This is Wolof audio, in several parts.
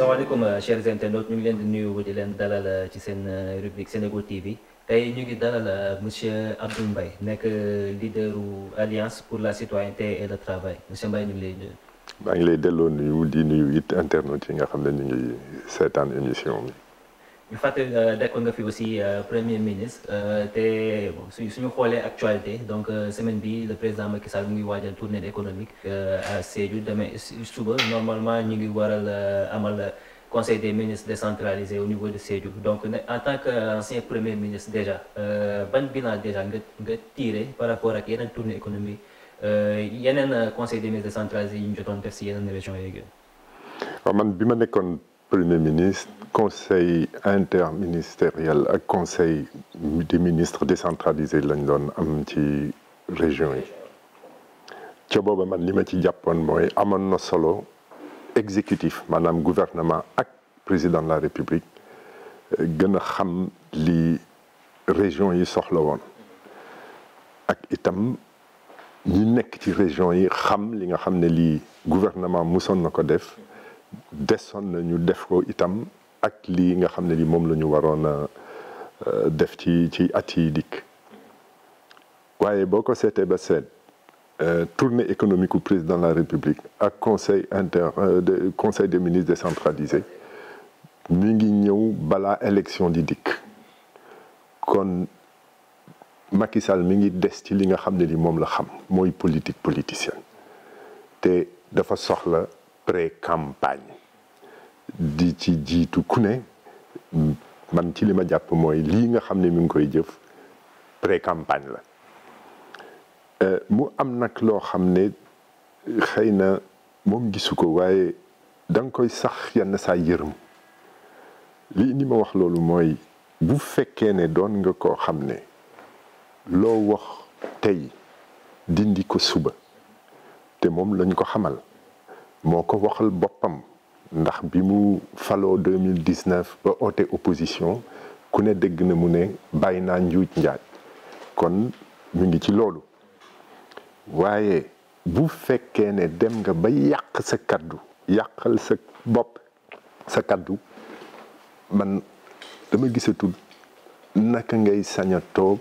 asalaamaaleykum euh, chers internautes ñu ngi leen di nuyu di leen dalal euh, ci seen euh, rubrique Sénégo TV tey ñu ngi dalal monsieur Abdoul Mbaye nekk leaderu alliance pour la citoyenneté et le travail monsieur Mbaye ñu lay nuyu. maa ngi lay delloo nuyu di nuyu it internautes yi nga xam ne ñu ngi seetaan émission ñu fàttali dekkoon nga fi aussi premier ministre eh, te su suñu xoolee actualité donc eh, semaine bi le président ki Sall mu ngi waajal tournée économique à eh, Sédhiou demain suba normalement ñu ngi waral amal conseil des ministres décentralisé au niveau de Sédhiou donc en tant que ancien premier ministre déjà euh, ban bilan déjà nga nga tiré par rapport ak yeneen tournée économique euh, yeneen conseil des ministres décentralisé yi ñu jotoon def si yeneen région yooyu. waaw premier ministre conseil interministériel ak conseil des ministres décentralisé lañ doon am ci région yi ca booba ma li ma ci jàppoon mooy amoon na solo exécutif maanaam gouvernement ak président de la république gën a xam li région yi soxla ak itam ñi nekk ci région yi xam li nga xam ne lii gouvernement musoon na ko def desoon na ñu def ko itam ak lii nga xam ne li moom lañu ñu waroon a euh, def ci ci at yi dikk waaye boo ko seetee ba seet euh, tournée économique u président de la république ak conseil inter euh, conseil des ministres décentralisé mi ngi ñëw balaa élection di dikk kon Macky Sall mi ngi des ci li nga xam ne li moom la xam mooy politique politicienne te dafa soxla pré-campagne di ci jiitu ku ne man ci li ma jàpp mooy lii nga xam ne mu ngi koy jëf pré-campagne la euh, mu am nag loo xam ne xëy na moom gisu ko waaye danga koy sax yenn saa yërëm lii indi ma wax loolu mooy bu fekkee ne doon nga koo xam ne loo wax tey dindi ko suba te moom lañ ko xamal moo ko waxal boppam ndax bi mu faloo 2019 ba oote opposition ku ne dégg na mu ne bàyyi naa njuuj njaaj kon mu ngi ci loolu waaye bu fekkee ne dem nga ba yàq sa kaddu yàqal sa bopp sa kaddu man dama gisatul naka ngay sañ toog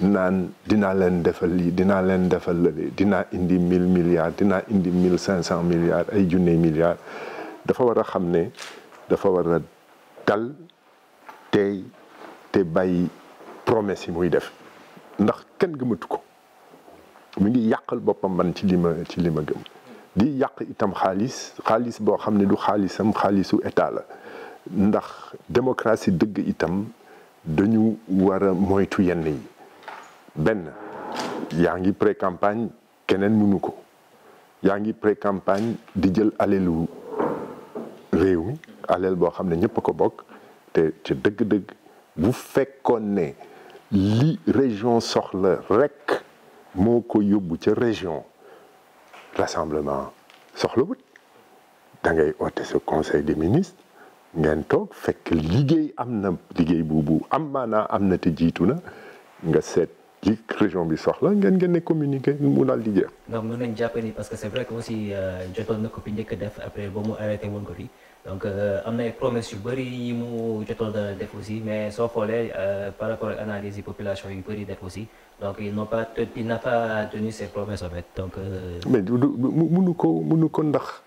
naan dinaa leen defal lii dinaa leen defal lële dinaa indi mille milliards dinaa indi mille cinq cent milliards ay junne milliards dafa war a xam ne dafa war a dal tey te bàyyi promesse yi muy def ndax kenn gëmatu ko mu ngi yàqal boppam ban ci li ci li ma gëm di yàq itam xaalis xaalis boo xam ne du xaalisam xaalisu état la ndax démocratie dëgg itam dañu war a moytu yenn yi benn yaa ngi pré-campagne keneen mënu ko yaa ngi pré-campagne di jël alelu réew mi alel boo xam ne ñëpp a ko bokk te ca dëgg-dëgg bu fekkoon ne li région soxla rekk moo ko yóbbu ca région rassemblement soxla da ngay oote sa conseil des ministres ngeen toog fekk liggéey am na liggéey bu bu am maanaa am na te jiitu na nga seet ci région bi soxla ngeen ngeen ne communiqué mu daal di jeex. donc mën nañu jàpp ni parce que c' est vrai que aussi euh, jotoon na ko fi njëkk def après ba mu arrêté woon ko fi donc euh, am na ay promesses yu bëri yi mu jotoon a def aussi mais soo xoolee euh, par rapport ak analyse yi population yu bëri def aussi donc ils n' ont pas il n' a pas tenu ses promesses en fait donc. mais du mënu ko mënu ko ndax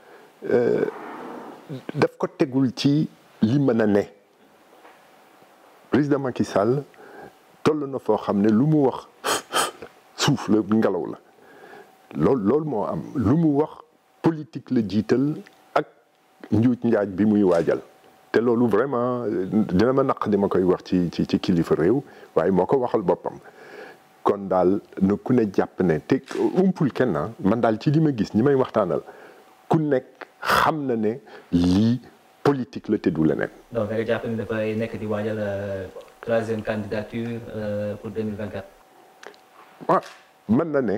daf ko tegul ci li mën a ne président Macky Sall. toll na foo xam ne lu mu wax suuf la ngelaw la loolu loolu moo am lu mu wax politique la jiital ak njuut njaaj bi muy waajal te loolu vraiment euh, dina ma naq di ma koy wax ci ci ci kilifa réew waaye moo ko waxal boppam kon daal na ku ne jàpp ne te umpul kenn ah, man daal ci li ma gis ñi may waxtaanal ku nekk xam na ne lii politique la te du leneen. troisième candidature euh, pour 2024. waaw ah, mën na ne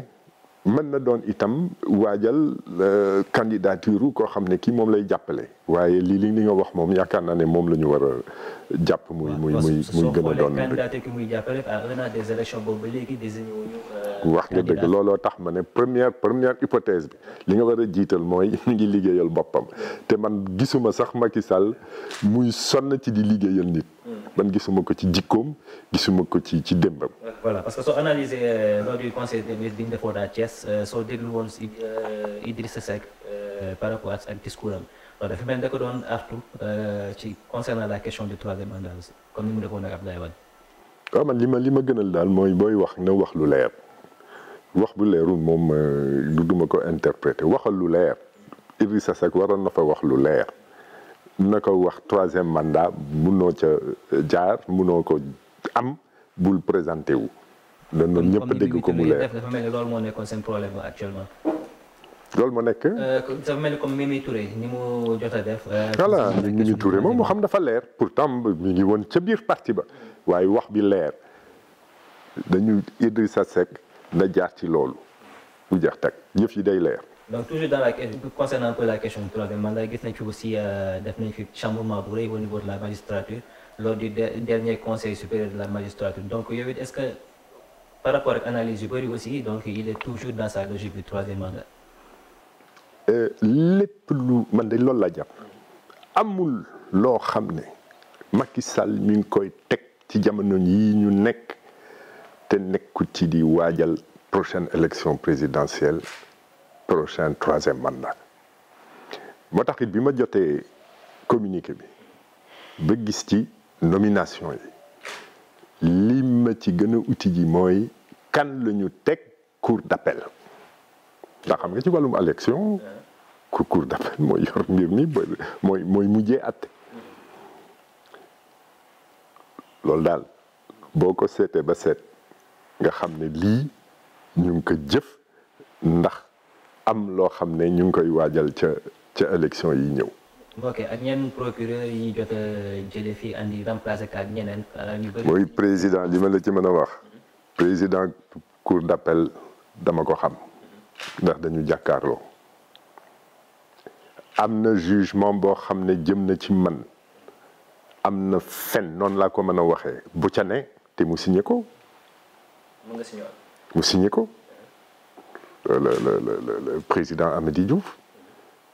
mën na doon itam waajal euh, candidature koo xam ne kii moom lay jàppale. waaye lii li li nga wax moom yaakaar naa ne moom la ñu war jàpp. muy muy muy muy gën a doon candidature boobu ba léegi désigné euh, wax nga dëgg looloo tax ma ne première première hypothèse bi li nga war a jiital mooy mi ngi liggéeyal boppam te man gisuma sax Macky Sall muy sonn ci di liggéeyal nit. man gisuma ko ci jikkoom gisuma ko ci ci démbam. voilà parce que soo analysé euh, lors du conseil des ministres bi ñu euh, soo déglu woon si euh, Idrissa Seck par rapport ak ak discours am loolu dafa mel da ko doon artu ci concernant la question de troisième mandat aussi comme ni mu defoon ak Abdoulaye Wade. waaw li ma li ma gënal daal mooy booy wax na wax lu leer wax bu leerul moom du duma ko interpréter waxal lu leer Idrissa Seck waroon na fa wax lu leer. na ko wax troisième mandat munoo ca jaar munoo ko am bul présenté wu. dañ doon ñëpp dégg ko mu leer loolu moo nekkoon seen problème actuellement. loolu moo nekk. Euh, dafa mel ni comme Mimi mu euh, moom moo xam dafa leer pourtant mi ngi woon ca biir parti ba waaye wax bi leer dañu sa Seck na jaar ci loolu bu jeex tag yëf yi day leer. donc toujours dans la concernant un peu la question du troisième mandat gis nañ aussi euh, def nañ fi chamboulement bu rëy au niveau de la magistrature lors du dernier conseil supérieur de la magistrature donc yow it est-ce que par rapport ak analyse yu bëri aussi donc il est toujours dans sa logique du troisième mandat. Euh, lépp lu man de loolu la jàpp amul loo xam ne Macky Sall mi ngi koy teg ci jamono yi ñu nekk te nekku ci di waajal prochaine élection présidentielle. prochain troisième mandat moo tax it bi ma jotee communiqué bi ba gis ci nomination yi li ma ci gën a uti ji mooy kan la ñu teg cour d'appel ndax xam nga ci wàllum élection cour cour d'appel mooy yor mbir mi mooy mujjee atte loolu daal boo ko seetee ba seet nga xam ne lii ñu ngi ko jëf ndax am loo xam ne ñu ngi koy waajal ca ca élection yi ñëw. ok ak ñenn procureur yi jot a jëlee fii andi remplacé ak ñeneen. mooy président li ma la ci mën a wax. président cour d'appel dama ko xam. ndax dañu jàkkaarloo. am na jugement boo xam ne jëm na ci man am na fen noonu laa ko mën a waxee bu ca ne te mu signé ko. mu nga signé mu ko. le le le président Amady Diouf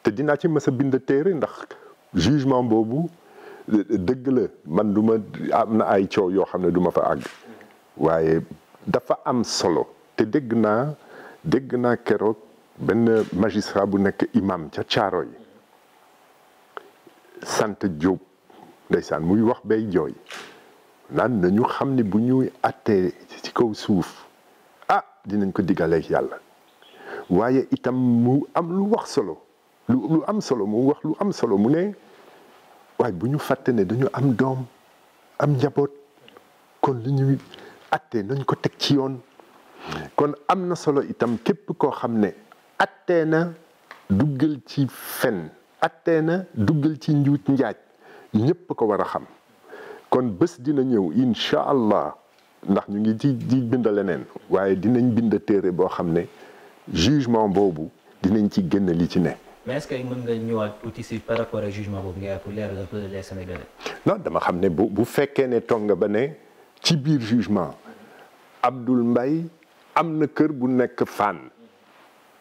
te dinaa ci mës a bind téere ndax jugement boobu dëgg la man du am na ay coow yoo xam ne duma fa àgg waaye dafa am solo te dégg naa dégg naa keroog benn magistrat bu nekk imam ca caaro yi sant Diop ndeysaan muy wax bay jooy naan nañu xam ne bu ñuy attee ci kaw suuf ah dinañ ko digaleeg yàlla waaye itam mu am lu wax solo lu am solo mu wax lu am solo mu ne waaye bu ñu fàtte ne dañu am doom am njaboot kon li ñuy attee nañ ko teg ci yoon kon am na solo itam képp koo xam ne attee na duggal ci fen attee na duggal ci njuut njaaj ñépp ko war a xam kon bés dina ñëw incha allah ndax ñu ngi ci di bind leneen waaye dinañ bind téere boo xam ne jugement boobu dinañ ci génn li ci ne. mais est-ce que mën nga ñëwaat tuuti si par rapport ak jugement boobu nga pour leeral les Sénégalais. non dama xam ne bu bu fekkee ne toog nga ba ne ci biir jugement Abdoul mbay am na kër bu nekk fànn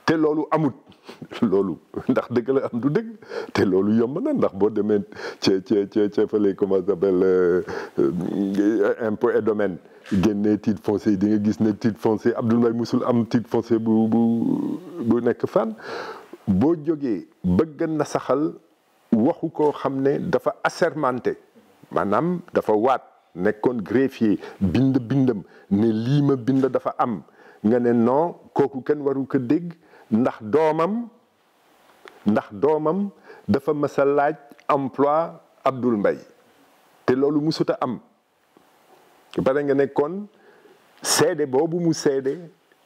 te loolu amut loolu ndax dëgg am du dëgg te loolu yomb na ndax boo demee ca ca ca ca fële comment s'appelle euh, impôt et génne titre foncier di gis ne titre foncier Abdoul Mbaye musul am titre foncier bu bu bu nekk fan boo jógee bëgg na saxal waxu ko xam ne dafa assermenté maanaam dafa waat nekkoon greffier bind bindam ne lii ma bind dafa am nga ne non kooku kenn waru ko dégg ndax doomam ndax doomam dafa mës a laaj emploi Abdoul Mbaye te loolu mësut a am bare nga nekkoon seede boobu mu seede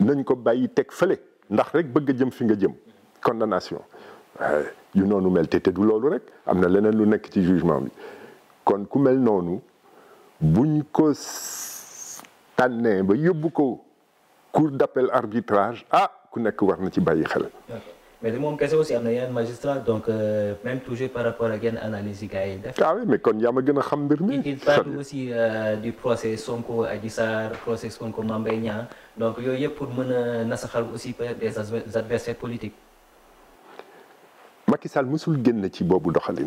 nañ ko bàyyi teg fële ndax rek bëgg a jëm fi nga jëm condamnation euh, yu noonu mel te te du loolu rek am na leneen lu nekk ci jugement bi kon ku mel noonu buñ ko tànnee ba yóbbu ko cour d'appel arbitrage ah ku nekk war na ci bàyyi xel. mais de moom kese aussi am na yeneen magistrat donc euh, toujours par rapport a yenn analyse yi gars yi def. ah oui mais kon yaa ma gën a xam mbir mi. il parle aussi euh, du procès Sonko Adji Sarr procès Sonko Mame Mbaye Niang donc yooyu yëpp pour mën a nasaxal aussi peut-être des adversaires politiques. Macky Sall mësul génn ci boobu doxalin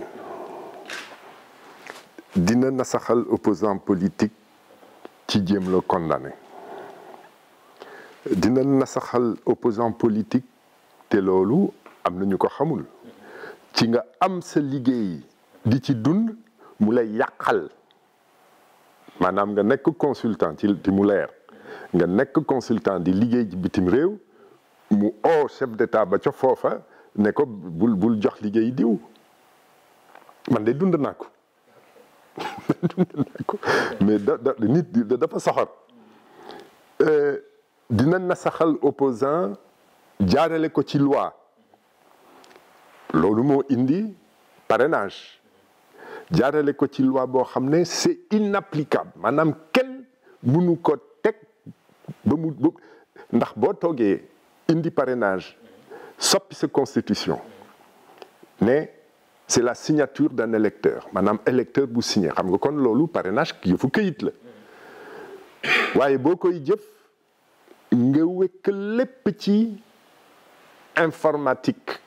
dina nasaxal opposant politique ci jéem loo condamné. dina nasaxal opposant politique te loolu am na ñu ko xamul ci nga am sa liggéey di ci dund mu lay yàqal maanaam nga nekk consultant ci mu leer nga nekk consultant di liggéey bitim réew mu oo chef d'état ba ca foofa ne ko bul jox liggéey diw man de dund naa ko man mais dafa soxor euh, dina nasaxal opposant jaarale ko ci loi loolu moo indi parrainage jaarale ko ci loi boo xam ne c'est inapplicable maanaam kenn mënu ko teg ba mu ndax boo toogee indi parenage soppi sa constitution ne c'est la signature d'un électeur maanaam électeur bu signé xam nga kon loolu parenage parrainage yëfu këyit la waaye boo koy jëf nga wekk lépp ci informatique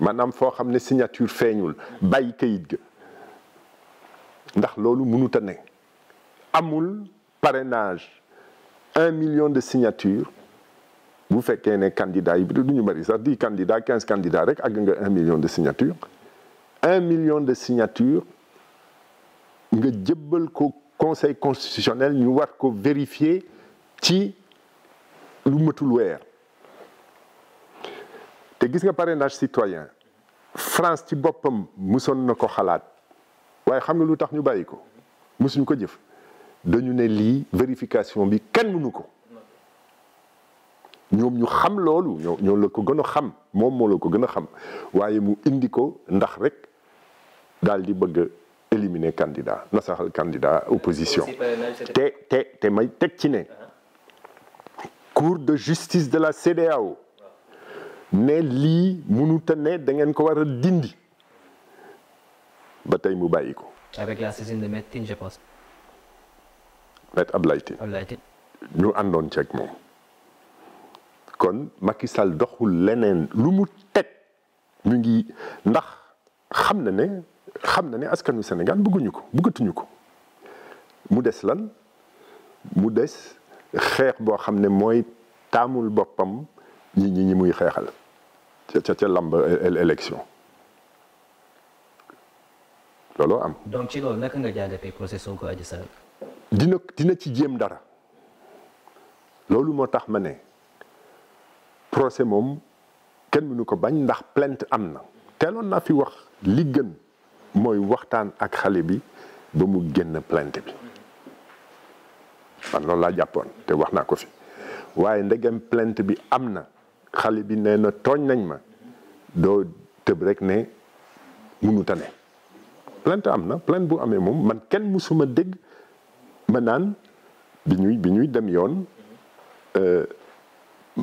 maanaam foo xam ne signature feeñul bàyyi kayit ga ndax loolu mënut a ne amul parrainage un million de signature bu fekkee ne candidat yi du ñu bëri sax dix candidats quinze candidats rek àgg nga un million de signature un million de signature nga jëbbal ko conseil constitutionnel ñu war ko vérifier ci lu matul weer te gis nga parrainage citoyen France ci boppam musoon na ko xalaat waaye xam na lu tax ñu bàyyi ko musuñ ko jëf dañu ne lii vérification bi kenn mënu ko ñoom ñu xam loolu ñoo la ko gën a xam moom moo la ko gën a xam waaye mu indi ko ndax rek daal di bëgg éliminer candidat nasaxal candidat opposition te te te may teg ci ne uh-huh. cour de justice de la CEDEAO ne lii mënut a ne da ngeen ko war a dindi ba tey mu bàyyi ko. avec la pense. Maître ñu àndoon ceeg moom kon Macky Sall doxul leneen lu mu teg ñu ngi ndax xam na ne xam na ne askanu Sénégal bëgguñu ko bëggatuñu ko mu des lan mu des. xeex boo xam ne mooy taamul boppam ñi ñi ñi muy xeexal ca ca lamb élection loolu am. donc ci loolu naka nga jàngatee procès Sonko Adji Sarr dina dina ci jéem dara loolu moo tax ma ne procès moom kenn nu ko bañ ndax plainte am na teeloon naa fi wax li gën mooy waxtaan ak xale bi ba mu génn plainte bi. man loolu laa jàppoon te wax naa ko fi waaye ndegem plainte bi am na xale bi nee na tooñ nañ ma doo tëb rek ne munu tane plainte am na plainte bu amee moom man kenn musuma dégg ma naan bi ñuy bi ñuy dem yoon euh,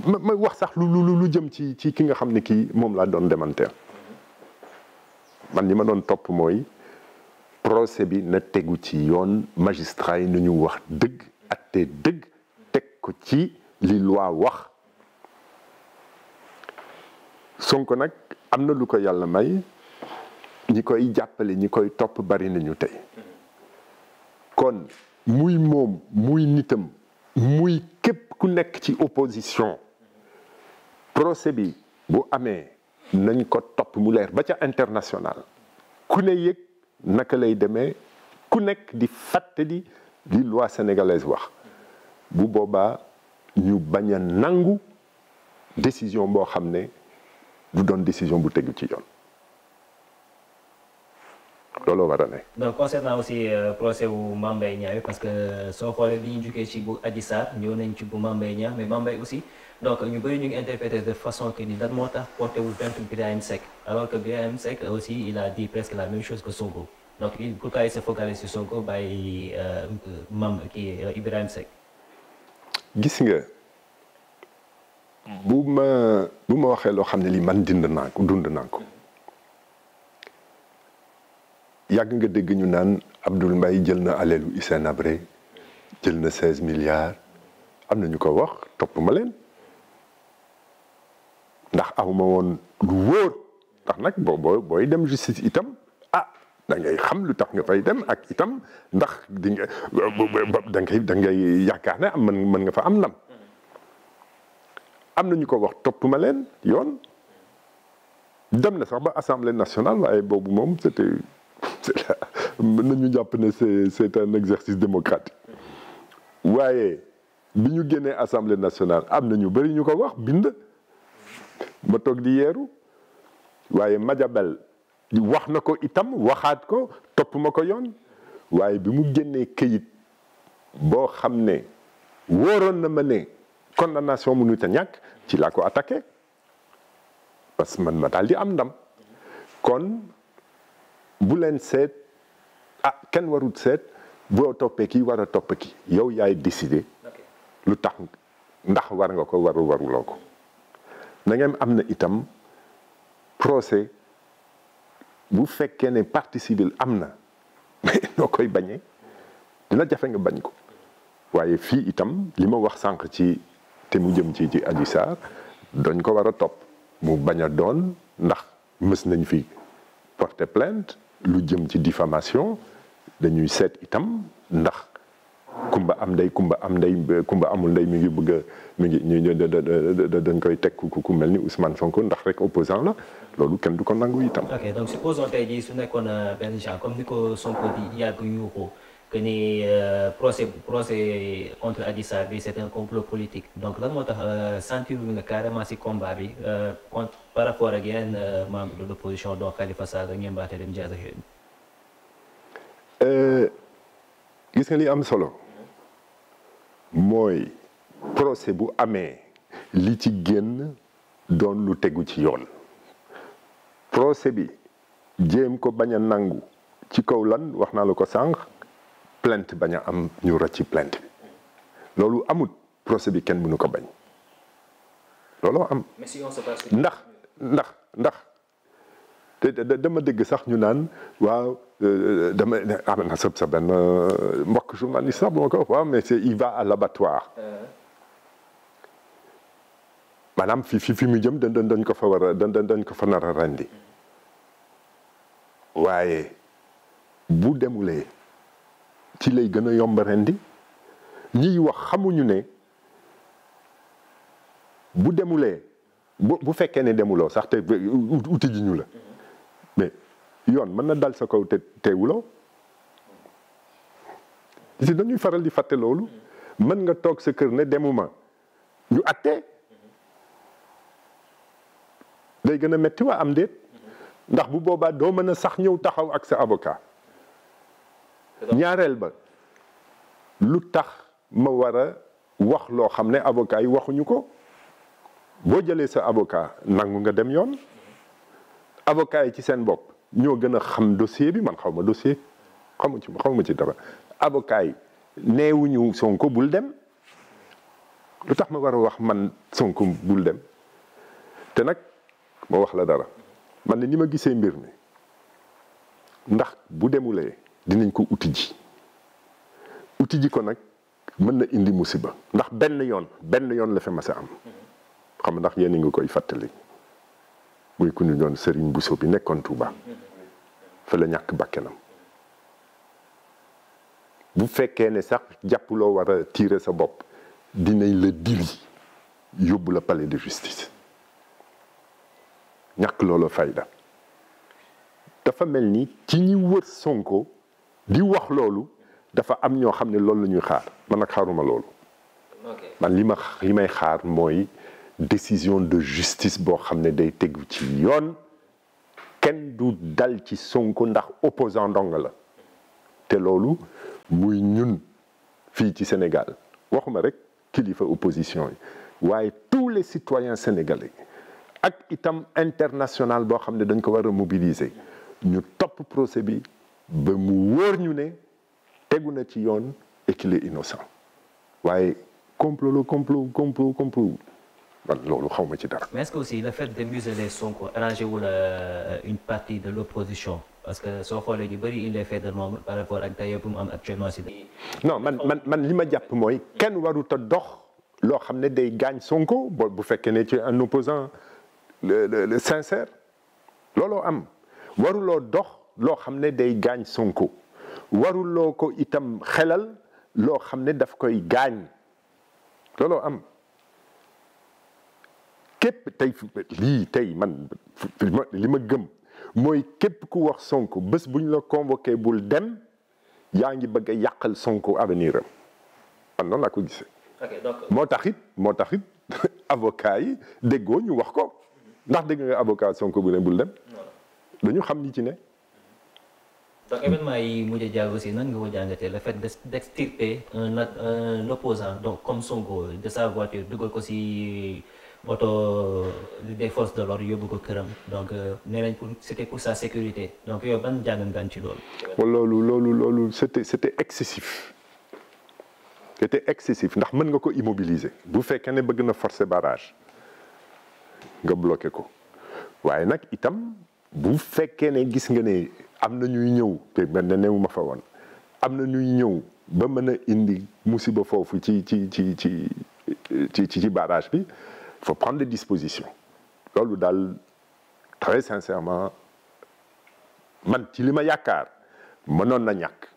ma ma wax sax lu lu lu jëm ci ci ki nga xam ne kii moom laa doon demanteel man li ma doon topp mooy procès bi na tegu ci yoon magistrat yi ñu wax dëgg te dëgg teg ko ci li loi wax Sonko nag am na lu ko yàlla may ñi koy jàppale ñi koy topp bari nañu tey kon muy moom muy nitam muy képp ku nekk ci opposition procès bi bu amee nañ ko topp mu leer ba ca international ku ne yëg naka lay demee ku nekk di fàttali li loi sénégalaise wax bu boobaa ñu bañ a nangu décision boo xam ne du doon décision bu tegu ci yoon looloo war a ne. donc concernant aussi euh, procès wu Mame Mbaye Niang parce que euh, soo xoolee bi ñu jugee ci bu Adji Sarr ñëw nañ ci bu Mame Mbaye Niang mais Mame Mbaye aussi donc ñu bëri ñu ngi interprété de façon que ni lan moo tax porté wu plainte Birahim Seck alors que Birahim Seck aussi il a dit presque la même chose que Sonko. donc pourquoi il se focalise sur Sonko bàyyi euh, mam euh, gis nga bu ma bu ma waxee loo xam ne lii man dind naa ko dund naa ko yàgg nga dégg ñu naan Abdoul Mbaye jël na alelu Hissène Habré jël na seize milliards am na ñu ko wax topp ma leen ndax awma woon lu wóor ndax nag boo booy dem justice itam. da xam lu tax nga fay dem ak itam ndax di nga da ngay da ne am mën nga fa am ndam am na ñu ko wax toppuma leen yoon dem na sax ba assemblée nationale waaye boobu moom c'était jàpp ne c'est c'est un exercice démocratique waaye bi ñu génnee assemblée nationale am na ñu bari ñu ko wax bind ma di yeeru waaye Madiabel wax na ko itam waxaat ko topp ma ko yoon waaye bi mu génnee këyit boo xam ne wóoroon na ma ne condamnation mënut a ñàkk ci laa ko attaqué parce que man ma daal di am ndam kon bu leen seet ah kenn warut seet boo toppee kii war a topp ki yow yaay décidé lu tax ndax war nga ko waru waruloo ko na am na itam procès bu fekkee ne partie civile am na mais noo koy bañee dina jafe nga bañ ko waaye fii itam li ma wax sànq ci te mu jëm ci ci Adji Sarr dañ ko war a topp mu bañ a doon ndax mës nañ fi porter plainte lu jëm ci diffamation dañuy seet itam ndax kumba am ndey kumba am ndey kumba amul ndey mi ngi bëgg a mi ngi dañ koy teg ku mel ni Ousmane Sonko ndax rek opposant la loolu kenn du ko nangu itam. ok donc supposons tey jii su nekkoon euh, benn genre ni ko Sonko di yàgg ko que ni euh, procès procès contre Adji Sarr bi c'est un complot politique donc lan moo tax euh, sentir nga carrément si combat bi contre par rapport ak yeneen membre de l'opposition donc Khalifa Sall ak jaar Barthélémy Dias gis nga li am solo. mooy procès bu amee li ci génn doon lu tegu ci yoon procès bi jéem ko bañ a nangu ci kaw lan wax naa la ko sànq plainte bañ a am ñu rëcc ci plant bi loolu amut procès bi kenn mënu ko bañ looloo am. ndax ndax ndax te dama dégg sax ñu naan waaw. damay am na sa sa mbokk journaliste sax bu ma ko wax waaw mais il va à l'abattoir euh. maanaam fi fi fi mu jëm dañ dañ ko fa war a dañ dañ ko fa nar rendi waaye bu demulee ci lay gën a yomb rendi ñiy wax xamuñu ne bu demulee bu bu fekkee ne demuloo sax te uti ji ñu la. yoon mën na dal sa kaw te teewuloo si dañuy faral di fàtte loolu mën nga toog sa kër ne demuma ñu àtte day gën a metti waa am déet ndax bu boobaa doo mën a sax ñëw taxaw ak sa avocat ñaareel ba lu tax ma war a wax loo xam ne avocat yi waxuñu ko boo jëlee sa avocat nangu nga dem yoon avocat yi ci seen bopp ñoo gën a xam dossier bi man xaw ma dossier xamu ci xaw ma ci dara avocat yi neewuñu sonk bul dem lu tax ma war a wax man Sonko bul dem te nag ma wax la dara man ne ni ma gisee mbir mi ndax bu demulee dinañ ko uti ji uti ji ko nag mën na indi musiba ndax benn yoon benn yoon la fi ma si am xam ndax yéen a ngi koy fàttali. muy ku ñu doon Serigne Bousso bi nekkoon Touba fa la ñàkk bakkenam bu fekkee ne sax jàppuloo war a tiire sa bopp dinañ la diri yóbbu la palais de justice ñàkk loolu fayda dafa mel ni ci ñi wër Sonko di wax loolu dafa am ñoo xam ne loolu la ñuy xaar man nag xaaruma loolu man li ma li may xaar mooy décision de justice boo xam ne day tegu ci yoon kenn du dal ci Sonko ndax opposant ndong la te loolu muy ñun fii ci Sénégal waxuma rek kilifa opposition yi waaye tous les citoyens sénégalais ak itam international boo xam ne dañ ko war a mobiliser ñu topp procès bi ba mu wóor ñu ne tegu na ci yoon et qu'il est innocent waaye complot la complot complot complot man loolu xaw ma ci dara. mais est aussi le fait de museler Sonko arrangé wul euh, une partie de l'opposition parce que soo xoolee ñu bëri il est fait de nombre par rapport ak taille bu non man man man li ma jàpp mooy kenn warut a dox loo xam ne day gaañ Sonko bo bu fekkee ne ci un opposant le le sincère looloo am waruloo dox loo xam ne day gaañ Sonko waruloo ko itam xelal loo xam ne daf koy gaañ looloo am. képp tey lii tey man li ma gëm mooy képp ku wax sonk bés bu ñu la convoqué bul dem yaa ngi bëgg a yàqal sonk avenir am moo tax it moo tax it avocat yi déggoo ñu wax ko ndax dégg nga avocat Sonko bu ne bul dem. dañu xam ni ci ne. donc événement yi mujj a aussi nan nga ko le fait de d'extirper un opposant donc ko si. oto des forces de l'ordre yóbbu ko këram donc euh, nee nañ pour c'était pour sécurité donc yow ban jàngat nga ci loolu. loolu loolu loolu c'était c'était excessif c'était excessif ndax mën nga ko immobiliser bu fekkee ne bëgg na forcer barage nga bloqué ko waaye nag itam bu fekkee ne gis nga ne am na ñuy ñëw te ma fa woon am na ñuy ñëw ba mën a indi musiba foofu ci ci ci ci ci ci ci barage bi. faut prendre des dispositions loolu daal très sincèrement man ci li ma yaakaar mënoon na ñàkk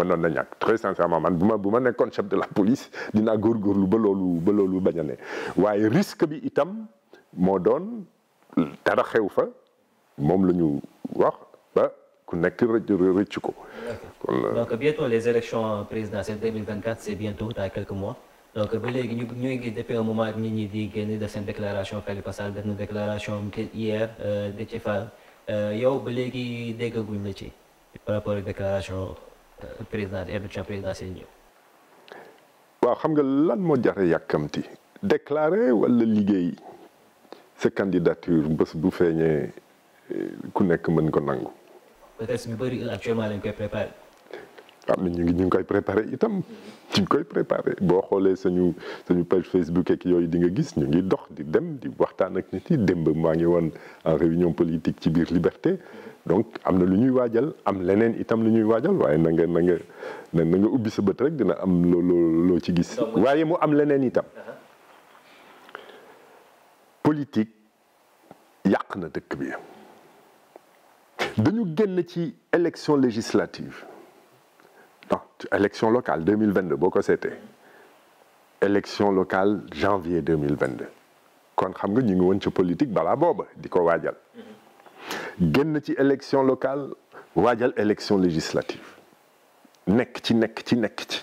mënoon na ñàkk très sincèrement man bu ma bu ma nekkoon chef de la police dinaa góorgóorlu ba loolu ba loolu bañ a ne waaye risque bi itam moo doon dara xew fa moom la ñu wax ba ku nekk rëccu ko. kon donc bientôt les élections présidentielles 2024 c'est bientôt dans quelques mois. donc ba léegi ñu ñu ngi gis depuis moment ak nit ñi di génn def seen déclaration Khalifa Sall def na déclaration am hier eh, Déthié Fall eh, yow ba léegi déggaguñ la ci par rapport ak déclaration président eh, élection présidentielle ñëw. waaw xam nga lan moo jar a yàkkamti déclarer wala liggéey sa candidature bés bu feeñee ku nekk mën ko nangu. peut-être ñu bëri actuellement lañ koy préparé. xam ne ñu ngi ñu ngi koy préparé itam ñu koy préparé boo xoolee suñu suñu page Facebook ak yooyu di nga gis ñu ngi dox di dem di waxtaan ak nit yi démb maa ngi woon en réunion politique ci biir Liberté. donc am na lu ñuy waajal am leneen itam lu ñuy waajal waaye na nga na nga na ubbi sa bët rek dina am loo loo ci gis. waaye mu am leneen itam. Uh-huh. politique yàq na dëkk bi dañu génn ci élection législative. ndax élection locale 2022 boo ko seetee élection locale janvier 2022 kon xam nga ñu ngi woon ci politique balaa booba di ko waajal génn ci élection locale waajal élection législative nekk ci nekk ci nekk ci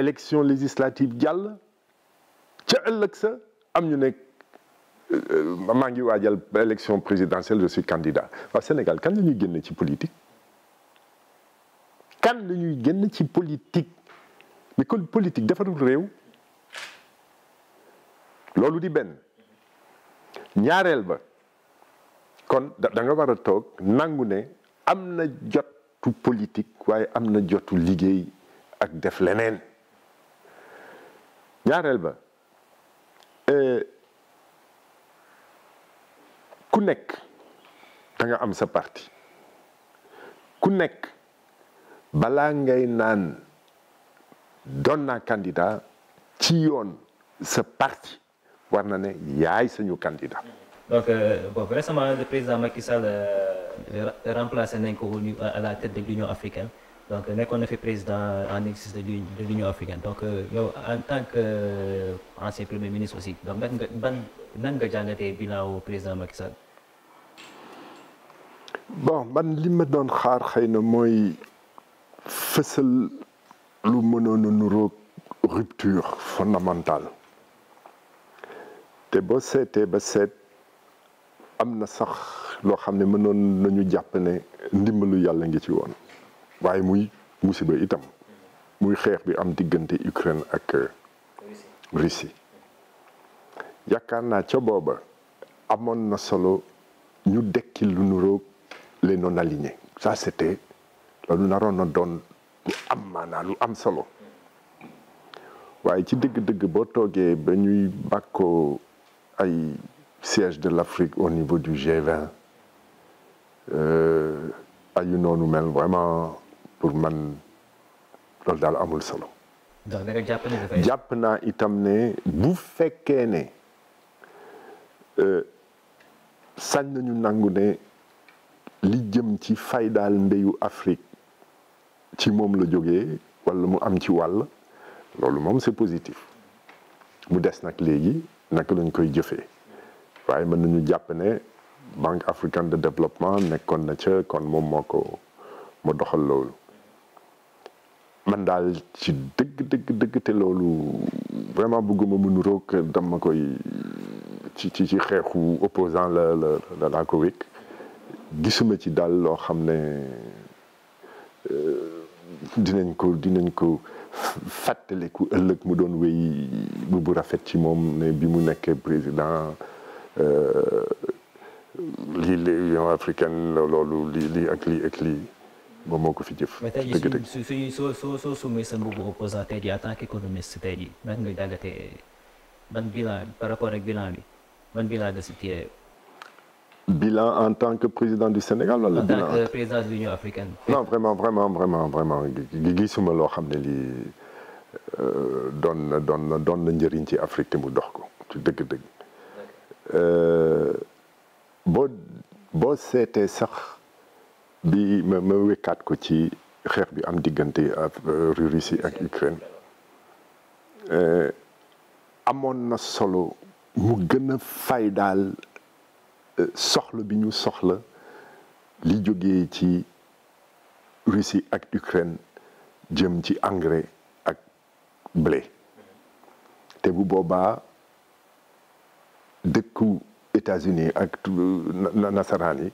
élection législative jàll ca ëllëg sa am ñu ne euh, maa ngi waajal élection présidentielle je suis candidat waaw Sénégal kan la ñuy génn ci politique kan la ñuy génn ci politik mais kon politique defarul réew loolu di benn ñaareel ba kon da nga war a toog nangu ne am na jotu politik waaye am na jotu liggéey ak def leneen ñaareel ba euh, ku nekk da am sa parti ku nekk balaa ngay naan doon na candidat ci yoon sa parti war na ne yaay suñu candidat. donc euh, boobu récemment le président Macky Sall euh, nañ ko à la tête de l'Union africaine donc euh, nekkoon na fi président en exercice de l'Union africaine donc yow en tant que ancien premier ministre aussi donc nan nga ban jàngatee bilan président Macky Sall. bon man li ma doon xaar xëy na mooy. fësal lu mënoon a nuroog rupture fondamentale te boo seetee ba seet am na sax loo xam ne mënoon nañu jàpp ne ndimbalu yàlla ngi ci woon waaye muy musiba itam muy xeex bi am diggante Ukraine ak Russie yaakaar naa ca booba amoon na solo ñu dekki lu nurook les non alignés ça c'était loolu naroon na doon lu am maanaa lu am solo waaye ci dëgg-dëgg boo toogee ba ñuy bàkkoo ay siège de l'Afrique au niveau du G20 euh, ayu noonu mel vraiment pour man loolu daal amul solo. donc jàpp naa itam ne bu fekkee ne euh, sañ nañu nangu ne li jëm ci faydaal mbéyu Afrique. ci moom la jógee walla mu am ci wàll loolu moom c'est positif mu des nag léegi naka lañ koy jëfee waaye mën nañu jàpp ne Banque africaine de développement nekkoon na ca kon moom moo ko ma doxal loolu man daal ci dëgg dëgg dëgg te loolu vraiment bëgguma mënu roog dama koy ci ci ci xeexu opposant la la la laa ko wékk gisuma ci daal loo xam ne dinañ ko dinañ ko fàttaliku ëllëg mu doon wéy bu bu rafet ci moom ne bi mu nekkee président euh, lii l'Union africaine loolu lii lii ak lii ak lii moom moo ko fi jëf. dëgg dëgg mais tey soo soo soo sumee sa mbubu opposant tey jii en tant qu'économiste tey jii nan nga jàngatee ban bilan par rapport ak bilan bi ban bilan nga si tiré. bilan en tant que président du Sénégal wala bilan en tant que vraiment de l'Union africaine. non vraiment vraiment vraiment vraiment gisuma loo xam ne lii euh, doon na doon na doon na njëriñ ci Afrique te mu dox ko ci dëgg-dëgg. Euh, boo seetee sax bi ma ma wekkaat ko ci xeex bi am diggante ak euh, ak Ukraine amoon na solo mu gën a fay daal. soxla bi ñu soxla li jógee ci Russie ak Ukraine jëm ci engrais ak blé te bu boobaa dëkku États-Unis ak nasaraan yi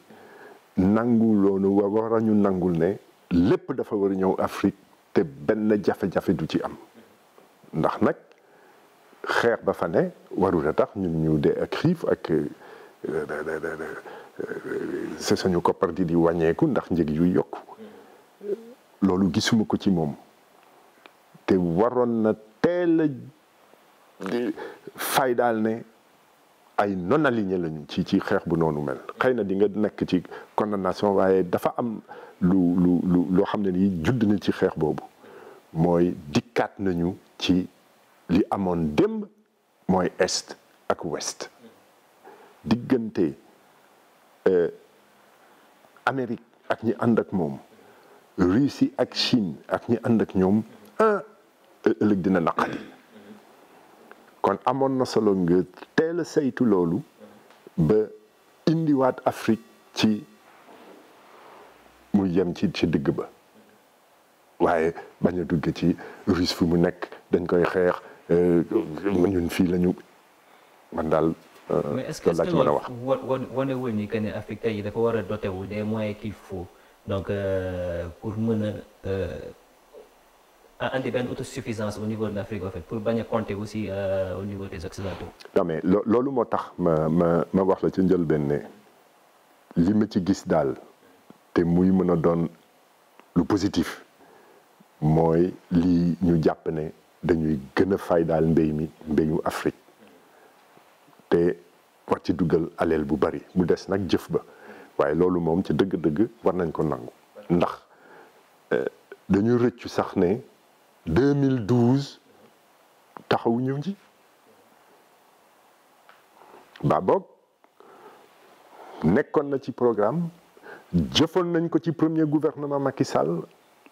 nangu loonu war ñu nangul ne lépp dafa war a ñëw Afrique te benn jafe-jafe du ci am ndax nag xeex ba fa ne warul a tax ñun ñu dee ak xiif ak sa sañu koppar di di ndax njëg yu yokku loolu gisuma ko ci moom te waroon na teel a fay daal ne ay non aligné lañu ci ci xeex bu noonu mel xëy na di nekk ci condamnation waaye dafa am lu lu lu loo xam ne ni judd na ci xeex boobu mooy dikkaat nañu ci li amoon démb mooy est ak ouest diggante euh, Amérique ak ñi ànd ak moom Russie ak Chine ak ñi ànd ak ñoom ah ëllëg dina naqari kon amoon na solo nga teela a saytu loolu ba indiwaat Afrique ci mu yem ci ci digg ba waaye bañ a dugg ci russe fu mu nekk dañ koy xeex euh, ñun fii lañu man daal Euh, mais est-ce que est-ce que loolu wane wul ni que ne Afrique tey dafa war a wu des moyens qu'il faut donc euh, pour mën a euh, andi benn autosuffisance au niveau de l'Afrique pour bañ a aussi au niveau des Occidentaux. non loolu moo tax ma ma ma wax la ci njël ne li ma ci gis daal te muy mën a doon lu positif mooy lii ñu jàpp ne dañuy gën a fay daal mbéy mi mbéyu Afrique. war ci duggal aleel bu bari mu des nag jëf ba waaye loolu moom ci dëgg-dëgg war nañ ko nangu ndax euh, dañu rëccu sax ne 2012 taxawu ñëw ji ba boog nekkoon na ci programme jëfoon nañ ko ci premier gouvernement Macky Sall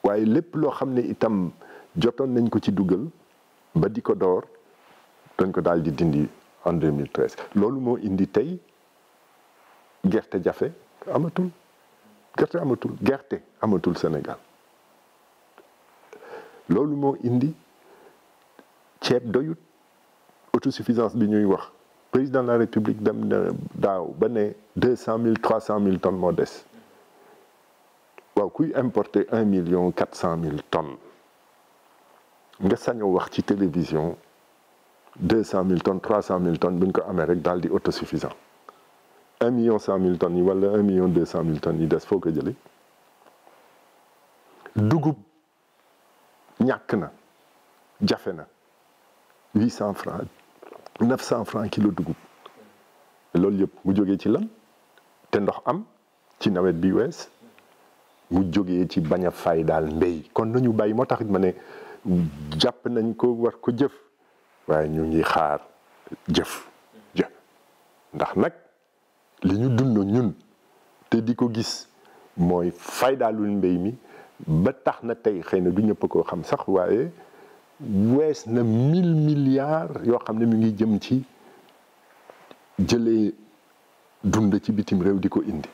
waaye lépp loo xam ne itam jotoon nañ ko ci duggal ba di ko door dañ ko daal di dindi en 2013 loolu moo indi tey gerte jafe amatul gerte amatul gerte amatul Sénégal loolu moo indi ceeb doyut autosuffisance bi ñuy wax président de la république dem na daaw ba ne deux cent mille trois cent mille tonnes moo des waaw kuy importer un million quatre cent mille tonnes nga sañoo wax ci télévision deux cent mille tonnes trois cent mille ñu ko amee rek daal di autosuffisant un cent mille tonnes yi wala un million deux cent mille tonnes dugub ñàkk na jafe na huit cent francs neuf cent francs kilo dugub loolu yëpp mu jóge ci lan te ndox am ci nawet bi wees mu jógee ci bañ a fay daal mbéy kon nañu bàyyi moo tax it ma ne jàpp nañ ko war ko jëf waaye ñu ngi xaar jëf jëf ndax nag li ñu dund ñun te di ko gis mooy faydaalul mbéy mi ba tax na tey xëy na du ñëpp koo xam sax waaye wees na mille milliards yoo xam ne mi ngi jëm ci jëlee dund ci bitim réew di ko indi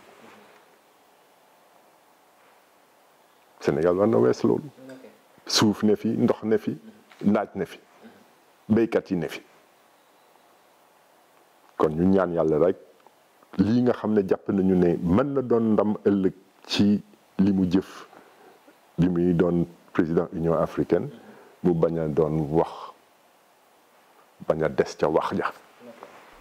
Sénégal war na wees loolu suuf ne fi ndox ne fi naaj ne fi baykat yi ne fi kon ñu ñaan yàlla rek lii nga xam ne jàpp nañu ne mën na doon ndam ëllëg ci li mu jëf bi muy doon président Union africaine mu bañ a doon wax bañ a des ca wax ja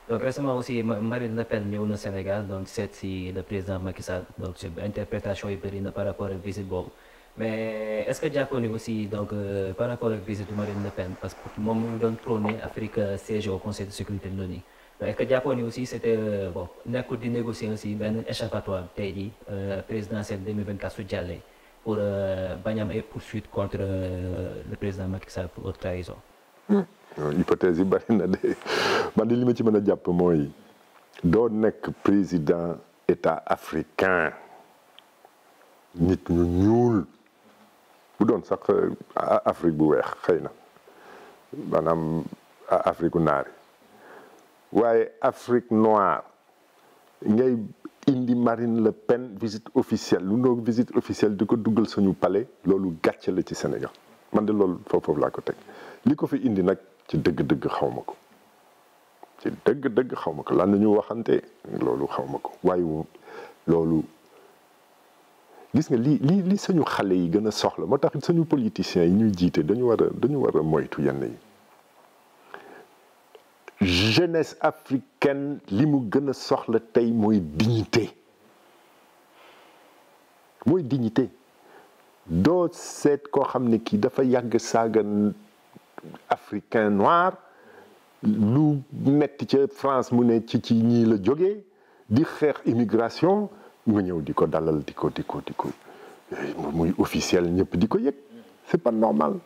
donc récemment aussi Marine Le Pen ñëw na Sénégal donc seet si le président Macky Sall donc interprétation yi bëri na par rapport ak visite boobu mais est-ce que jàppoon ni aussi donc euh, par rapport ak visite Marine Le parce que moom mu doon prôné Afrique euh, siège conseil de sécurité de l'ONU est-ce que jàppoon ni aussi c'était euh, bon nekkul di négocier aussi benn échappatoire tey jii euh, présidentielle 2024 su jàllee pour bañ am ay contre le président Macky pour haute trahison. Hmm. hypothèse yi de man ma ci mën a jàpp mooy doo nekk président état africain nit ñu ñuul. bu doon sax euh, Afrique bu weex xëy na maanaam Afrique u naari waaye Afrique noire ngay indi Marine Le Pen visite officielle lu ndoog visite officielle di ko duggal suñu pale loolu gàcce la ci Sénégal man de loolu foofu laa ko teg li ko fi indi nag ci dëgg-dëgg xaw ma ko ci dëgg-dëgg xaw ma ko lan la waxante loolu xaw ma ko waaye loolu gis nga li li li sañu xale yi gën a soxla moo tax suñu politiciens yi ñuy jiite dañu war a dañu war a moytu yenn yi jeunesse africaine li mu gën a soxla tey mooy dignité mooy dignité doo seet koo xam ne kii dafa yàgg saaga africain noir lu metti ca France mu ne ci ci ñii la jóge di xeex immigration mu ñëw di ko dalal di ko di ko di ko muy officiel ñëpp di ko yëg c'est pas normal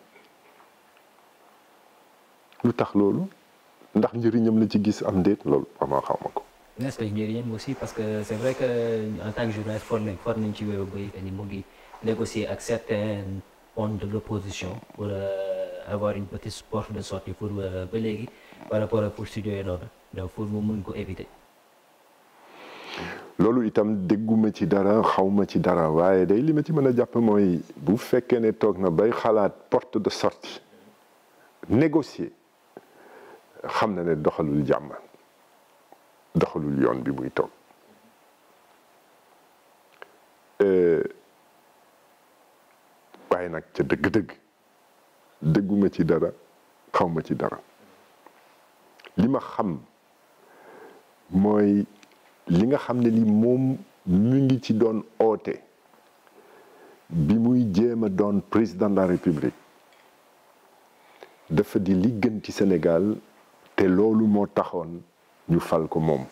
lu tax loolu ndax njëriñam la ci gis am déet loolu vraiment xaw ma ko. n'est-ce njëriñam aussi parce que c'est vrai que en tant que journaliste for nañ for nañ ci wéeru ba que ni mu ngi négocier ak certains ponts de l'opposition pour euh, avoir une petite porte de sortie pour euh, ba léegi par rapport ak pour studio yooyu noonu donc pour mu mun ko éviter. loolu itam dégguma ci dara xaw ma ci dara waaye day li ma ci mën a jàpp mooy bu fekkee ne toog na bay xalaat porte de sortie négocier xam na ne doxalul jàmm doxalul yoon bi muy toog euh, waaye nag ca dëgg-dëgg dégguma ci dara xawma ci dara li ma xam mooy li nga xam ne li moom mu ngi ci doon oote bi muy jéem a doon président de la république dafa di li gën ci Sénégal te loolu moo taxoon ñu fal ko moom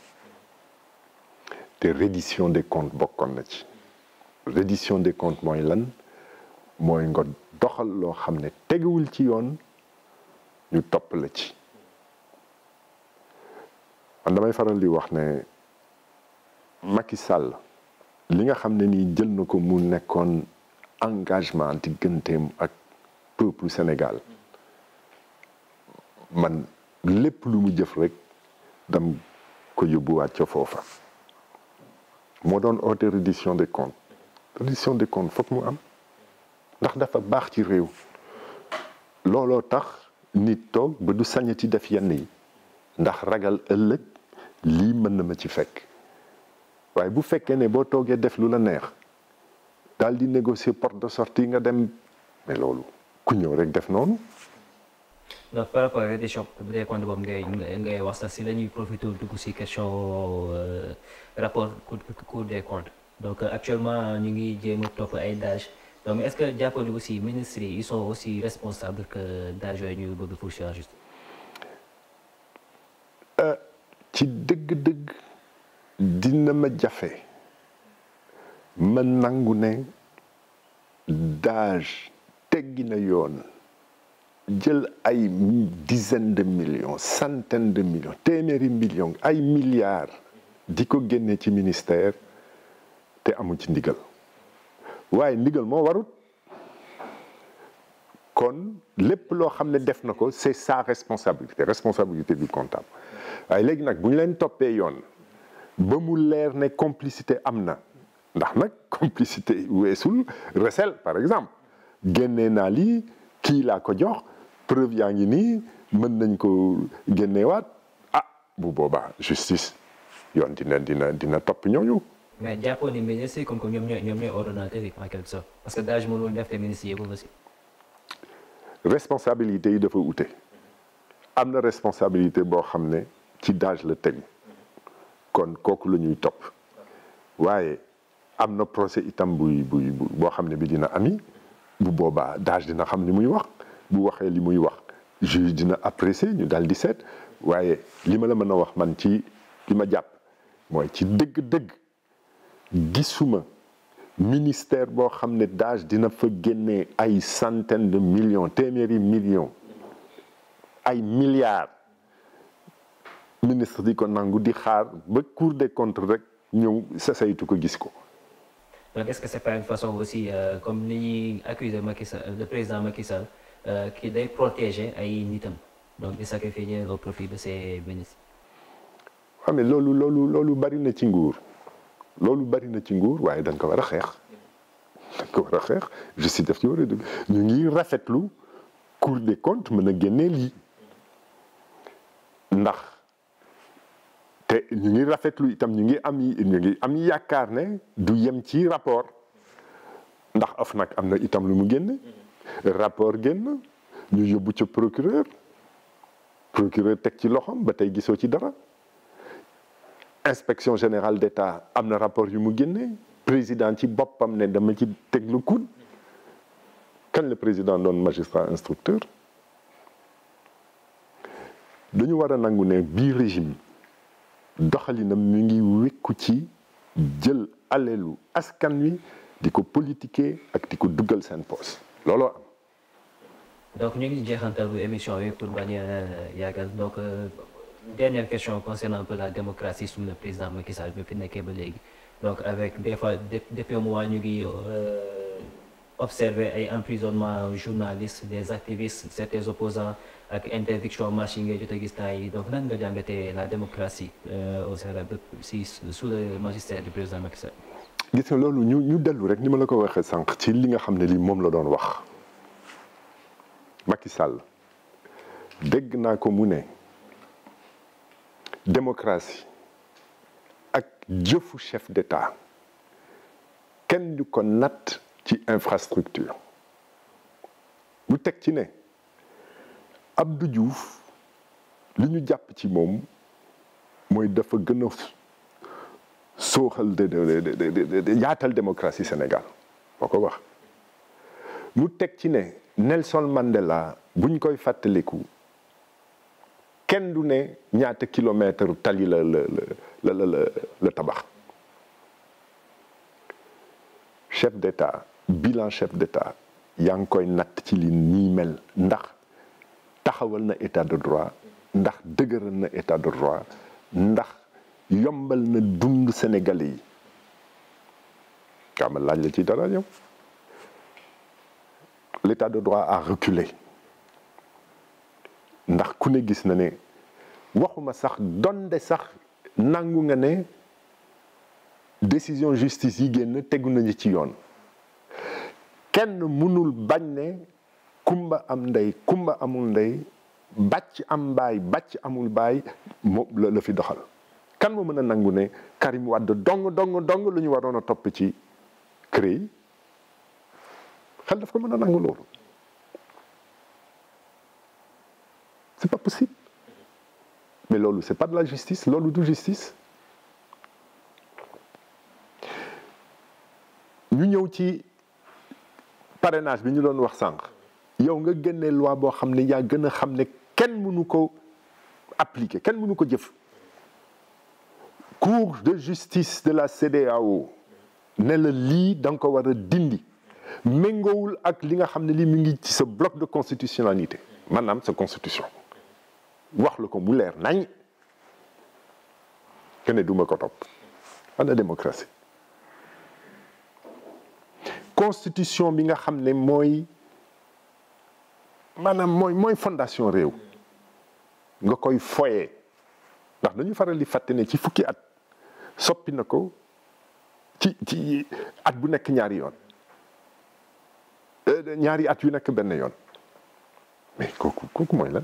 te reddition des comptes bokkoon na ci reddition de comptes mooy lan mooy nga doxal loo xam ne teguwul ci yoon ñu topp la ci man damay faral di wax ne Macky Sall li nga xam ne nii jël na ko mu nekkoon engagement digganteem ak peuple Sénégal man lépp lu mu jëf rekk dam ko yóbbuwaat ca foofa moo doon oote reddition des comptes reddition des comptes foog mu am ndax dafa baax ci réew looloo tax nit toog ba du sañ ci def yenn yi ndax ragal ëllëg lii mën na ma ci fekk waaye bu fekkee ne boo toogee def lu la neex daal di négocier porte de sortie nga dem mais loolu ku ñëw rek def noonu. donc par rapport ak réduction bu dee compte ngay wax sax si la ñuy profité dugg si question euh, rapport Cour des donc euh, actuellement ñu ngi jéem a topp ay DAGE donc est-ce que jàppandi aussi ministres yi ils aussi responsables que DAGE yooyu ñu bëgg pour changer. Euh, ci dëgg-dëgg. dina ma jafe ma nangu ne daaj teggi na yoon jël ay dizaine de millions centaine de millions téeméeri millions ay milliards di ko génne ci ministère te amu ci ndigal waaye ndigal moo warut kon lépp loo xam ne def na ko c'est sa responsabilité responsabilité du comptable waaye léegi nag bu ñu leen toppee yoon ba mu leer ne complicité am na ndax nag complicité weesul recel par exemple génnee naa lii kii laa ko jox preuve yaa nii mën nañ ko génneewaat a ah, bu boobaa justice yoon dina dina dina topp ñooñu. mais jàppoon ni ministre yi comme que ñoom ñooy ñoom ñooy parce que daaje mënul def te ministre yi aussi. responsabilité yi dafa wute am na responsabilité boo xam ne ci daaje la tegu. kon kooku la ñuy topp waaye am na procès itam buy buy boo xam ne bi dina ami bu boobaa daaj dina xam li muy wax bu waxee li muy wax juge dina apprécier ñu daal di seet waaye li ma la mën a wax man ci li ma jàpp mooy ci dëgg-dëgg gisuma ministère boo xam ne daaj dina fa génnee ay centaine de million téeméeri million ay milliards ministre di ko nangu di xaar ba cour des contre rek ñëw sa saytu ko gis ko. donc est-ce que c'est façon aussi euh, comme ni ñuy accuser Macky Sall euh, le président Macky Sall ki euh, day protéger ay nitam donc di sa au profit de ses ministres. waaw ah, mais loolu loolu loolu bari na ci nguur loolu bari na ci nguur waaye dañ ko war a xeex. dañ ko war a xeex je def ci war a ñu ngi rafetlu cour des comptes mën a génnee lii ndax. te ñu ngi rafetlu itam ñu ngi am ñu ngi am yaakaar ne du yem ci rapport ndax nag am na itam lu mu génn rapport génn ñu yóbbu ca procureur procureur teg ci loxoom ba tey gisoo ci dara inspection générale d'État am na rapport yu mu génne président ci boppam ne dama ci teg lu kudd kan la président doon magistrat instructeur dañu war a nangu ne bii régime doxalinam mu ngi wékku ci jël alelu askan wi di ko politiquer ak di ko duggal seen poos looloo am. donc ñu ngi jeexantal bu émission bi pour bañ a yàggal donc euh, dernière question concernant un peu la démocratie sous le président Macky Sall bi fi nekkee ba léegi donc avec des fois depuis mois ñu ngi euh, observer ay emprisonnement journalistes des activistes certains opposants ak interdiction marche yi ngay jot gis temps yi donc nan nga jàngatee la démocratie euh, au Sénégal si du président Macky Sall. gis nga loolu ñu ñu dellu rek ni ma la ko waxee sànq ci li nga xam ne lii moom la doon wax Macky Sall dégg naa ko mu ne démocratie ak jëfu chef d'État kenn du ko natt ci infrastructure bu teg ci ne. Abdou Diouf li ñu jàpp ci moom mooy dafa gën a sooxal de yaatal démocratie Sénégal boo ko wax mu teg ci ne Nelson Mandela buñ koy fàttaliku kenn du ne ñaata kilomètre tali la la la la la tabax chef d'état bilan chef d'état yaa ngi koy natt ci li nii mel ndax taxawal na état de droit ndax dëgëral na état de droit ndax yombal na dund Sénégalais yi kaama laaj la ci dara yow l'état de droit a reculé ndax ku ne gis na ne waxuma sax donde sax nangu nga ne décision justice yi génn tegu nañu ci yoon kenn mënul bañ ne kumba am ndey kumba amul ndey bàcc am baay bàcc amul baay moom la la fi doxal kan moo mën a nangu ne Karim Wade dong dong dong lu ñu waroon a topp ci CREI xel daf ko mën a nangu loolu c'est pas possible mais loolu c'est pas de la justice loolu du justice ñu ñëw ci parrainage bi ñu doon wax sànq yow nga génne loi boo xam ne yaa gën a xam ne kenn mënu ko appliquer kenn mënu ko jëf cour de justice de la CEDEAO ne la lii danga ko war a dindi méngoowul ak li nga xam ne li mu ngi ci sa bloc de constitutionnalité maanaam sa constitution wax la ko mu leer nañ kenn duma ko topp ana démocratie constitution bi nga xam ne mooy maanaam mooy mooy fondation réew nga koy foyee ndax dañu faral di fàtte ne ci fukki at soppi na ko ci ci at bu nekk ñaari yoon euh, ñaari at yu nekk benn yoon mais kooku kooku mooy lan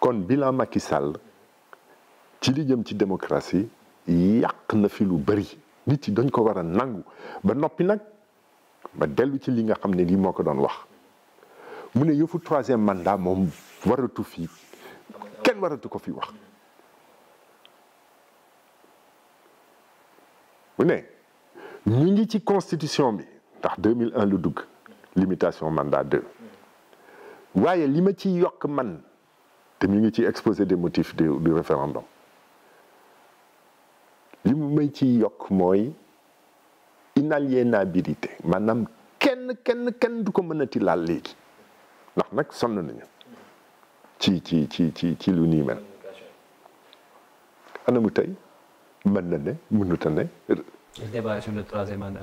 kon bilan Macky sàll ci li jëm ci démocratie yàq na fi lu bari nit yi dañ ko war a nangu ba noppi nag ma dellu ci li nga xam ne lii moo ko doon wax mu ne yëfu troisième mandat moom waratu fii kenn waratu ko fi wax mu ne ñu ngi ci constitution bi ndax 2001 lu dugg limitation mandat 2 waaye li ma ci yokk man te ñu ngi ci exposé des motifs du référendum li may ci yokk mooy naa inaliénabilité maanaam kenn kenn kenn du ko mënati laal léegi ndax nag sonn nañu ci ci ci ci ci lu nii mel anamu tey mën na ne mënut a ne. débat sur le troisième mandat.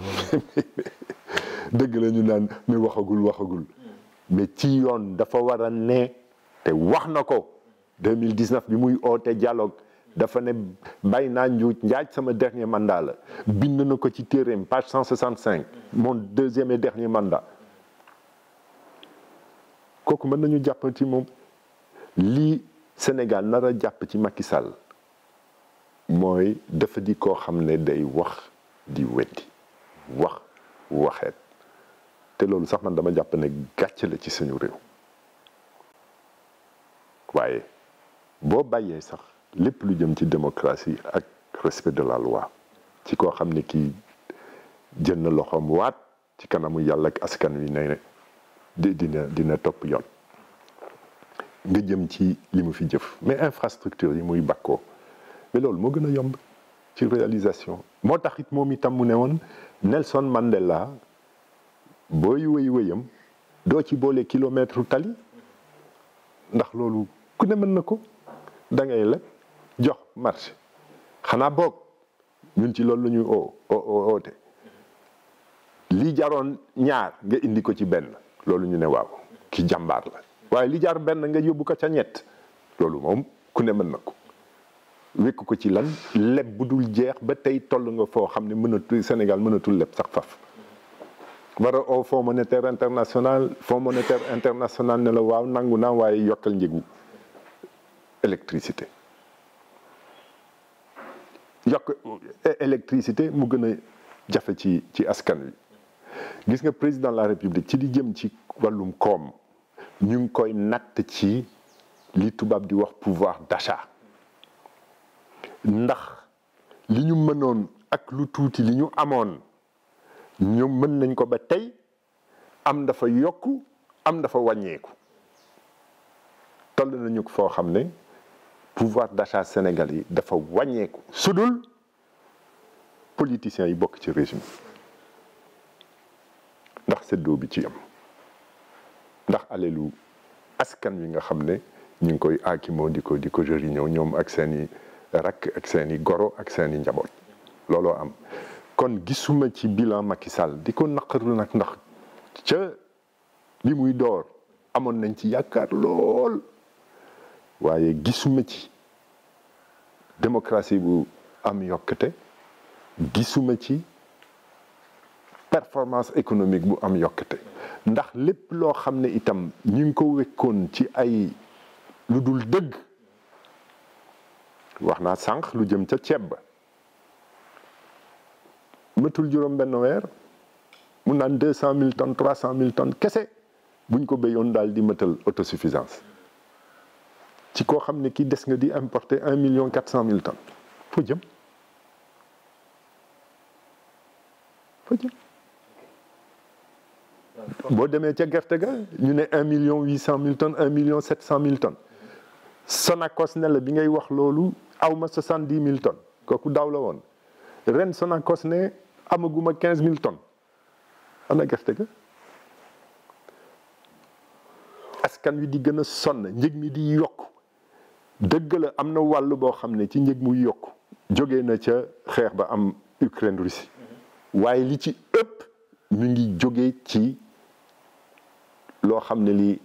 dëgg la ñu naan mi waxagul waxagul mais ci yoon dafa war a ne te wax na ko 2019 bi muy oote dialogue dafa ne bàyyi naa njuuj njaaj sama dernier mandat la bind na ko ci téeréem page 165 mon deuxième et dernier mandat kooku mën nañu jàpp ci moom lii Sénégal nar a jàpp ci Macky Sall mooy dafa di koo xam ne day wax di weddi wax waxeet te loolu sax man dama jàpp ne la ci suñu réew waaye boo bàyyee sax lépp lu jëm ci démocratie ak respect de la loi ci koo xam ne kii jën na loxoom waat ci kanamu yàlla ak askan wi ne di dina dina topp yoon nga jëm ci li mu fi jëf mais infrastructure yi muy bakkoo mais loolu moo gën a yomb ci réalisation moo tax it moom itam mu ne woon Nelson Mandela booy wëy wëyam doo ci boole kilomètre tali ndax loolu ku ne mën na ko da ngay marché xanaa boog ñun ci loolu la ñuy oo oo oote li jaroon ñaar nga indi ko ci benn loolu ñu ne waaw ki jàmbaar la waaye li jaar benn nga yóbbu ko ca ñett loolu moom ku ne mën na ko wékk ko ci lan leb bu dul jeex ba tey tollu nga foo xam ne mënatul Sénégal mënatul leb sax faf war a oo Fonds monétaire international Fonds monétaire international ne la waaw nangu naa waaye yokkal njëgu électricité yokk électricité mu gën a jafe ci ci askan wi gis nga président de la république ci di jëm ci wàllum koom ñu ngi koy natt ci li tubaab di wax pouvoir d'achat ndax li ñu mënoon ak lu tuuti li ñu amoon ñu mën nañ ko ba tey am dafa yokk am dafa wàññeeku toll nañu foo xam ne pouvoir d'achat Sénégal yi dafa wàññeeku sudul politiciens yi bokk ci régime ndax séddoo bi ci am ndax alelu askan wi nga xam ne ñu ngi koy aakimoo di ko di ko ñëw ñoom ak seeni rakk ak seeni goro ak seeni njaboot looloo am kon gisuma ci bilan Macky Sall di ko naqarlu nag ndax ca li muy door amoon nañ ci yaakaar lool waaye gisuma ci démocratie bu am yokkute gisuma ci performance économique bu am yokkute ndax lépp loo xam ne itam ñi ngi ko wekkoon ci ay lu dul dëgg wax naa sànq lu jëm ca ceeb ba mëtul juróom benn weer mun naan deux cent mille tonnes trois cent kese buñ ko béyoon daal di mëtal autosuffisance ci koo xam ne kii des nga di importer un million quatre cent mille tonnes foo jëm boo demee ca gerte ga ñu ne un million huit cent mille tonnes un million sept cent mille tonnes Sonacos ne la bi ngay wax loolu awma soixante dix mille tonnes kooku daaw la woon ren Sonacos ne amaguma quinze mille tonnes ana gerte ga askan wi di gën a sonn njëg mi di yokk dëgg am na wàll boo xam ne ci njëg mu yokk jóge na ca xeex ba am Ukraine Russie mm-hmm. waaye li ci ëpp mi ngi jóge ci loo xam ne li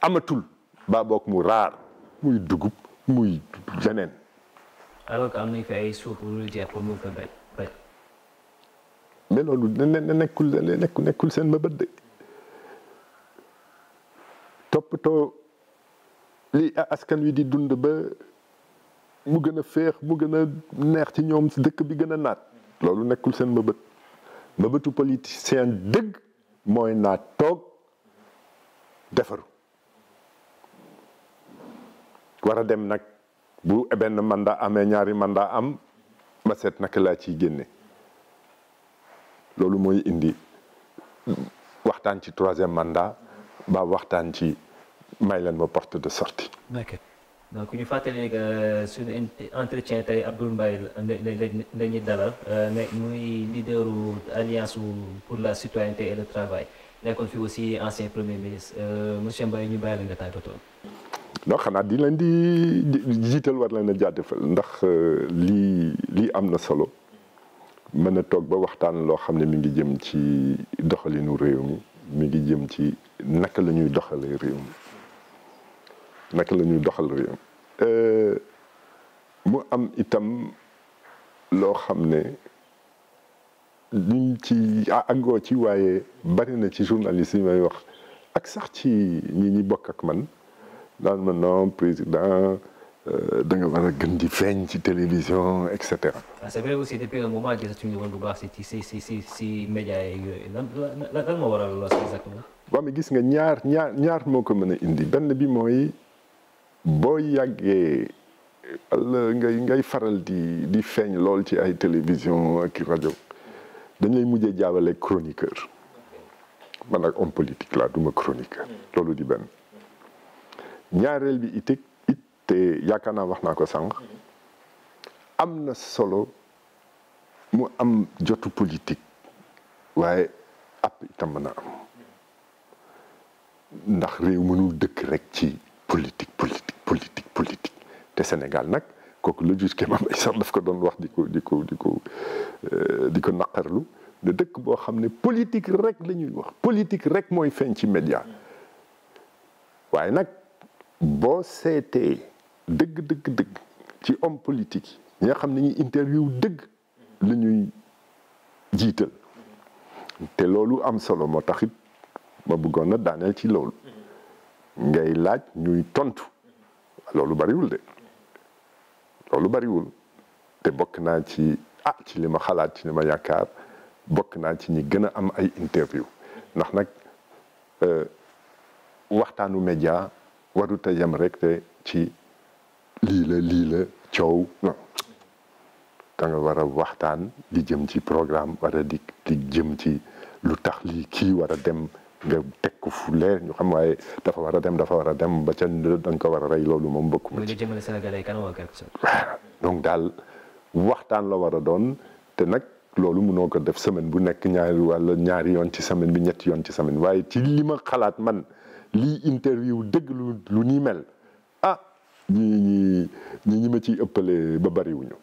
amatul baa bokk mu raar muy dugub muy jeneen alors que am nañ fi ay suuf lu jeex pour mu fa nekkul nekkul seen mëbët de lii askan wi di dund ba mu gën a féex mu gën a neex ci ñoom si dëkk bi gën a naat loolu nekkul seen mbëbët mbëbëtu politicien dëgg mooy naat toog defaru war a dem nag bu benn mandat amee ñaari mandat am ma seet naka laa ciy génne loolu mooy indi waxtaan ci troisième mandat ba waxtaan ci may leen ma porte de sortie. ok donc ñu fàttalee fàttali ne euh, suñu entretien tey Abdoul Mbaye la ñuy dalal euh, muy leaderu alliance pour la citoyenneté et le travail nekkoon fi aussi ancien premier ministre euh, monsieur mbay ñu bàyyi la nga tàggatoo. non xanaa di leen di jiital war leen a jaajëfal ndax li lii am na solo mën a toog ba waxtaan loo xam ne mi ngi jëm ci doxalinu réew mi mi ngi jëm ci naka la ñuy doxalee réew mi. naka la ñuy doxal réew euh, mu am itam loo xam ne ñu ci àggoo ci waaye bari na ci journaliste yi may wax ak sax ci ñi ñi bokk ak man daan ma non président euh, da nga war a gën di feeñ ci télévision et cetera. Ah, c'est vrai aussi depuis ci ci ci ci ci média yi yooyu lan gis nga ñaar ñaar ñaar moo ko mën a indi benn bi mooy. boo yàggee al ngay faral di di feeñ lool ci ay télévision ak rajo dañ lay mujjee jaawale chroniqueur man nag homme politique la duma chroniqueur loolu di benn ñaareel bi itik it te yaakaar naa wax naa ko sànq am na solo mu am jotu politique waaye app itam mën a am ndax réew mënul dëkk rek ci politique politique politique te Sénégal nag kooku le juge Kéba Mbaye sax daf ko doon wax di ko di ko di euh, di ko naqarlu ne dëkk boo xam ne politik rek lañuy wax politique rek mooy feeñ ci média waaye nag boo seetee dëgg dëgg dëgg ci homme politique yi nga xam ne ñuy interview dëgg la ñuy jiital te loolu am solo moo taxit ma bëggoon na daaneel ci loolu ngay laaj ñuy tontu loolu bariwul de loolu bariwul te bokk naa ci ah ci li ma xalaat ci li ma yaakaar bokk naa ci ñi gën a am ay interview ndax nag euh, waxtaanu média warut a yem rek te ci lii la lii la coow non da war a waxtaan di jëm ci programme war a di di jëm ci lu tax lii kii war a dem nga teg ko fu leer ñu xam waaye dafa war a dem dafa war a dem ba ca da ko war a rey loolu moom bëgguma ci donc daal waxtaan la war a doon te nag loolu mënoo ko def semaine bu nekk ñaari wala ñaari yoon ci semaine bi ñetti yoon ci semaine waaye ci li ma xalaat man lii interview dëgg lu lu mel ah ñii ñi ñi ñi ma ci ëppale ba bariwuñu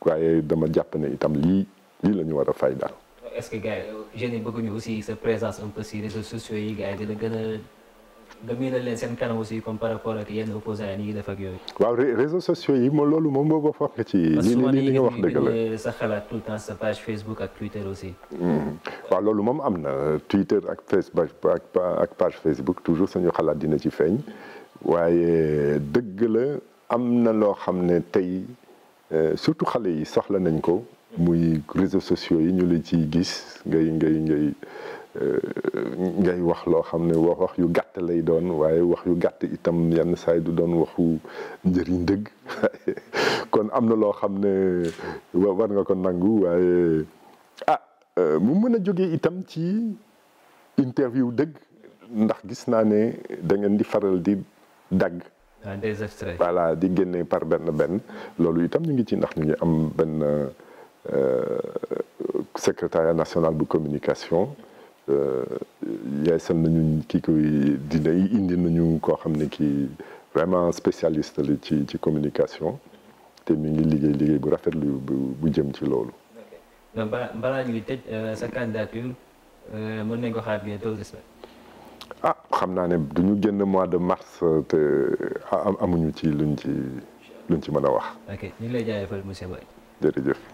waaye dama jàpp itam lii lii lañu ñu war a fay est-ce que gars yi jeunes yi bëgguñu aussi sa présence un peu si réseaux sociaux yi gars yi dina gën a nga miinal leen seen kanam aussi comme par rapport ak yenn opposants yi ñu ngi def ak yooyu. waaw réseaux sociaux yi moom loolu moom moo ba foog ci. li li li nga wax dëgg la sa xalaat tout le temps sa page Facebook ak Twitter aussi. Hmm. waaw loolu moom am na Twitter ak Facebook ak page Facebook toujours suñu xalaat dina ci feeñ waaye dëgg la am na loo xam ne tey euh, surtout xale yi soxla nañ ko. muy réseaux sociaux yi ñu la ciy gis ngay ngay ngay euh, wax loo xam ne wax yu gàtt lay doon waaye wax yu gàtt itam yenn saay du doon waxu njëriñ dëgg kon am na loo xam ne war nga ko nangu waaye ah euh, mu mën a jóge itam ci interview dëgg ndax gis naa ne da ngeen di faral di dagg ah, voilà di génne par benn benn loolu itam ñu ngi ci ndax ñu ngi am benn Euh, secrétariat national bu communication euh, yeesal nañu ki koy dina indi nañu koo xam ne kii vraiment spécialiste la ci ci communication te mi ngi liggéey liggéey bu rafetlu bu bu jëm ci loolu. donc balaa ñuy tëj euh, sa candidature mën nañ ko xaar bientôt ah xam naa ne du ñu génn mois de mars te amuñu ci luñ ci luñ ci mën a wax. ok ñu ngi monsieur Boye. jërëjëf.